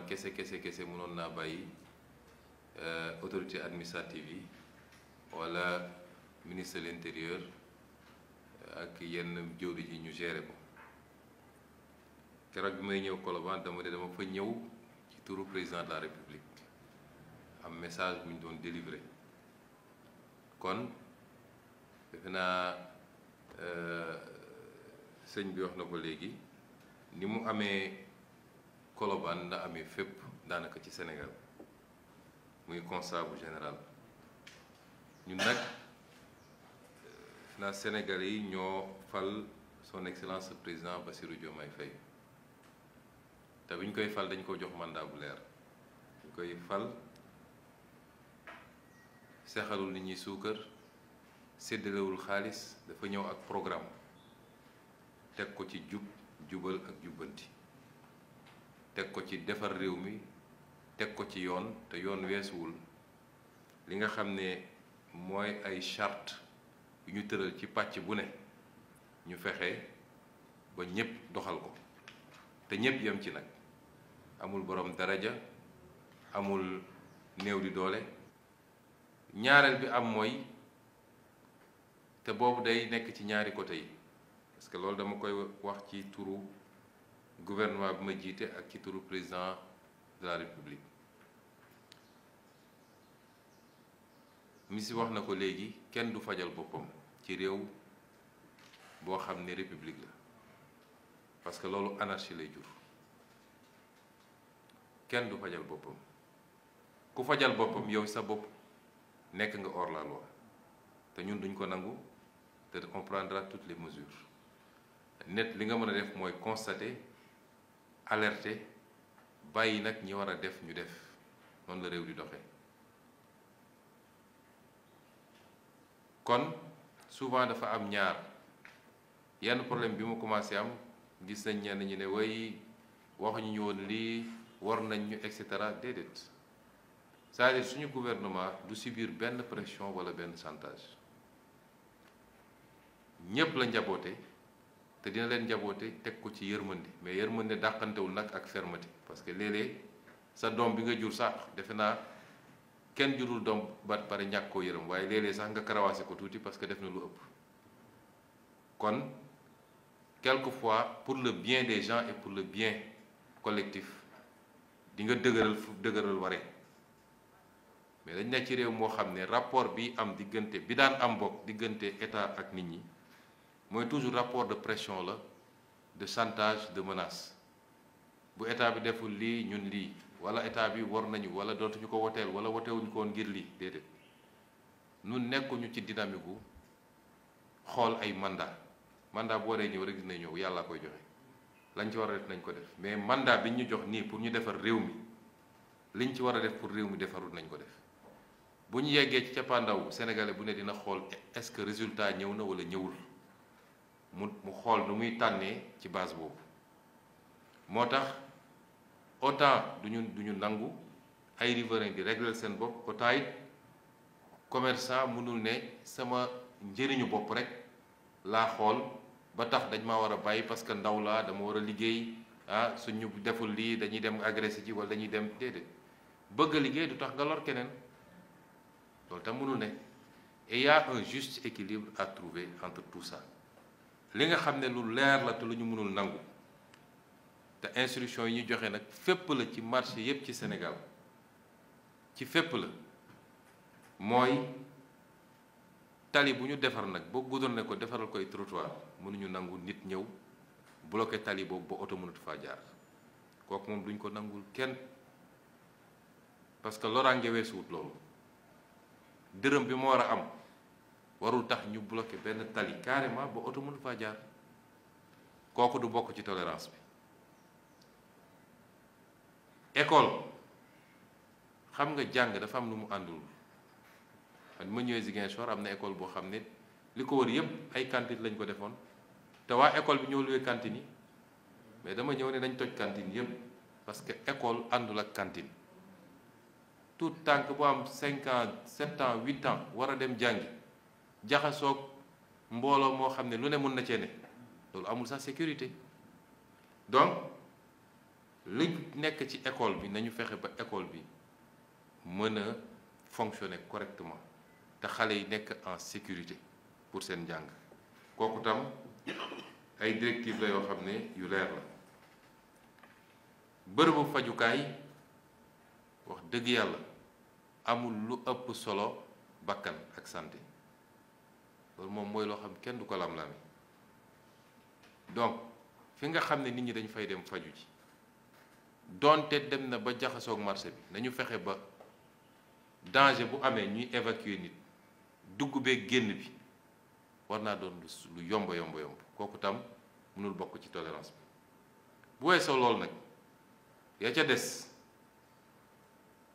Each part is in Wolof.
kese kese kese mënoon naa bàyyi euh, autorité administrative yi wala ministre de l'intérieur ak yenn jëwri ji ñu géré ko keroog bi may ñëw Colobane dama ne dama fa ñëw ci turu président de la république am message buñ ñu doon délivré kon defe naa euh, sëñ bi wax na ko léegi ni mu amee. Colobane la amee fépp daanaka ci Sénégal muy constat général ñu nag na Sénégalais yi ñoo fal son excellence le président Bassirou Diomaye Faye te bi ñu koy fal dañ ko jox mandat bu leer ñu koy fal sexalul nit ñi suukar séddalewul xaalis dafa ñëw ak programme teg ko ci jub jubal ak jubbanti teg ko ci defar réew mi teg ko ci yoon te yoon weesuwul li nga xam ne mooy ay charte yu ñu tëral ci pàcc bu ne ñu fexe ba ñépp doxal ko te ñépp yem ci nag amul boroom daraja amul néew di doole ñaareel bi am mooy te boobu day nekk ci ñaari côté yi parce que loolu dama koy wax ci turu gouvernement bi ma jiite ak ci turu président de la république mi si wax na ko léegi kenn du fajal boppam ci réew boo xam ne république la parce que loolu anarchie lay jur kenn du fajal boppam ku fajal boppam yow sa bopp nekk nga hors la te ñun duñ ko nangu te on prendra toutes les mesures net li nga mën a def mooy constater alerte bàyyi nag ñi war a def ñu def noonu la réew di doxee kon souvent dafa am ñaar yenn problème bi mu commencé am gis nañ ñenn ñu ne way waxuñu ñu woon lii war nañ ñu et cetera déedéet cest à suñu gouvernement du si biir benn pression wala benn chantage ñépp la njaboote te dina leen njaboote teg ko ci yërmande mais yërmande dàqantewul nag ak fermeté parce que léeg sa doom bi nga jur sax defe naa kenn jurul doom ba pare ñàkk koo yërëm waaye léeg-léeg sax nga karawaase ko tuuti parce que def na lu ëpp kon quelque fois pour le bien des gens et pour le bien collectif di nga dëgëral fu dëgëral waree mais dañ ne ci réew moo xam ne rapport bi am diggante bi daan am bokk diggante état ak nit ñi mooy toujours rapport de pression la de chantage de menace bu état bi deful lii ñun lii wala état bi war nañu wala dootuñu ko woteel wala wotewuñu ko woon ngir lii déedéet ñun nekkuñu ci dynamique gu xool ay mandat mandat boo dee ñëw rek dina ñëw yàllaa koy joxe lañ ci war a def nañ ko def mais mandat bi ñu jox nii pour ñu defar réew mi li ñu ci war a def pour réew mi defarul nañ ko def bu ñu yeggee ci cappaandaw sénégalais bu ne dina xool est-ce que résultat ñëw na wala ñëwul. mu mu xool nu muy tànnee ci base boobu moo tax autant duñu duñu nangu ay riverain bi régler seen bopp autant it commerçant mënul ne sama njëriñu bopp rek laa xool ba tax dañ ma war a bàyyi parce que ndaw laa dama war a liggéey ah suñu deful lii dañuy dem agressé ji wala dañuy dem déedéet bëgg a liggéey du tax nga keneen loolu tam mënul ne et y a un juste équilibre à trouver entre tout ça li nga xam ne lu leer la te lu ñu mënul nangu te instruction yi ñu joxe nag fépp la ci marché yépp ci senegal ci fépp la mooy tali bu ñu defar nag boo ne ko defaral koy trottoir mënuñu nangu nit ñëw bloqué tali boobu ba oto mënatu faa jaar kooku moom duñ ko nangul kenn parce que loraange weesuwut loolu dërëm bi mu war a am warul tax ñu bloqué benn tali carrément ba oto mënu faa jaar kooku du bokk ci tolérance bi école xam nga jàng dafa am lu mu àndul man ma ñëwee Ziguinchor am na école boo xam ne li ko wër yépp ay cantine lañ ko defoon te waa école bi ñoo luwee cantine mais dama ñëw ne dañ toj cantine yépp parce que école àndul ak cantine tout tànk bu am cinq ans sept ans huit ans war a dem jàngi jaxasoog mbooloo moo xam ne lu ne mën na ceene loolu amul sax sécurité donc li nekk ci école bi nañu fexe ba école bi mën a fonctionner correctement te xale yi nekk en sécurité pour seen njàng kooku tam ay directives la yoo xam ne yu leer la bërëbu fajukaay wax dëgg yàlla amul lu ëpp solo bakkan ak santé loolu moom mooy loo xam kenn du ko lam-lami donc fi nga xam ne nit ñi dañ fay dem faju ji donte dem na ba jaxasoog marché bi nañu fexe ba danger bu amee ñuy évacuer nit dugg génn bi war naa doon lu yomba yomba yomb kooku tam mënul bokk ci tolérance bi bu weesoo loolu nag yaa ca des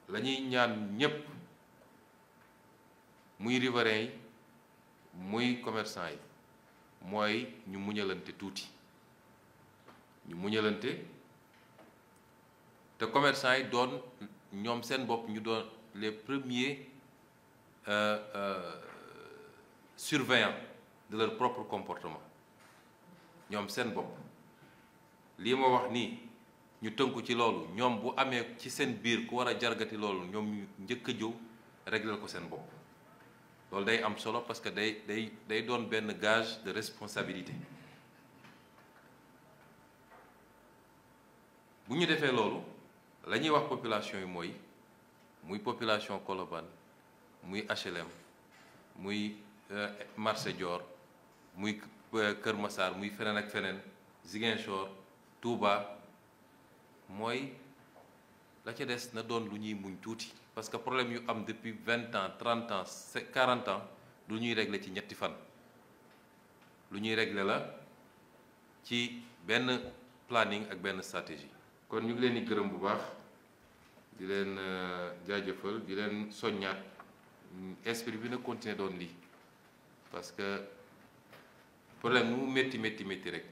lañuy ñaan ñépp muy riverain yi muy commerçant yi mooy ñu muñalante tuuti ñu muñalante te commerçant yi doon ñoom seen bopp ñu doon les premier euh, euh, surveillants de propre comportement ñoom seen bopp lii ma wax nii ñu tënku ci loolu ñoom bu amee ci seen biir ku war a jargati loolu ñoom ñu njëkk a jóg réglal ko seen bopp loolu day am solo parce que day day day doon benn gaz de responsabilité bu ñu defee loolu la ñuy wax population yi mooy muy population koloban muy HLM muy euh, marché joor muy euh, Kër Massar muy feneen ak feneen Ziguinchor Touba mooy la ca des na doon lu ñuy muñ tuuti. parce que problème yu am depuis vingt ans trente ans quarante ans du ñuy régler ci ñetti fan lu ñuy régle la ci benn planning ak benn stratégie kon ñu ngi leen di gërëm bu baax di leen euh, jaajëfal di leen soññaat esprit bi na continuer doon lii parce que problème mu métti métti métti rek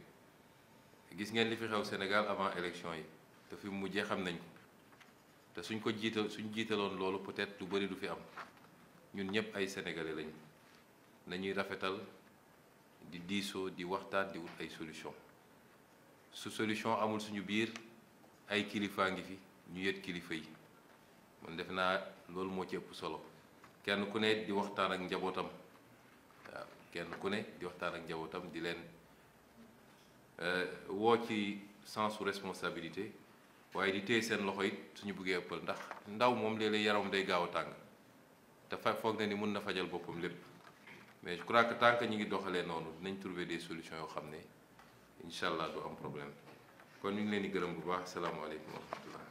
gis ngeen li fi xew Sénégal avant élection yi te fi mu mujjee xam nañ te suñ ko jiital suñ jiitaloon loolu peut-être lu bari du fi am ñun ñëpp ay sénégalais lañ nañuy rafetal di diisoo di waxtaan di wut ay solution su solution amul suñu biir ay kilifaa ngi fi ñu yet kilifa yi man def naa loolu moo ci ëpp solo kenn ku ne di waxtaan ak njabootam waaw kenn ku ne di waxtaan ak njabootam di leen euh, woo ci su responsabilité waaye di téye seen loxo it suñu buggee ëppal ndax ndaw moom léeg-léeg yaram day gaaw a tàng te foog na ni mun na fajal boppam lépp mais je crois que tant que ñu ngi doxalee noonu nañ trouver des solution yoo xam ne incha allah du am problème kon ñu ngi leen di gërëm bu baax salaamaaleykum wa rahmatullah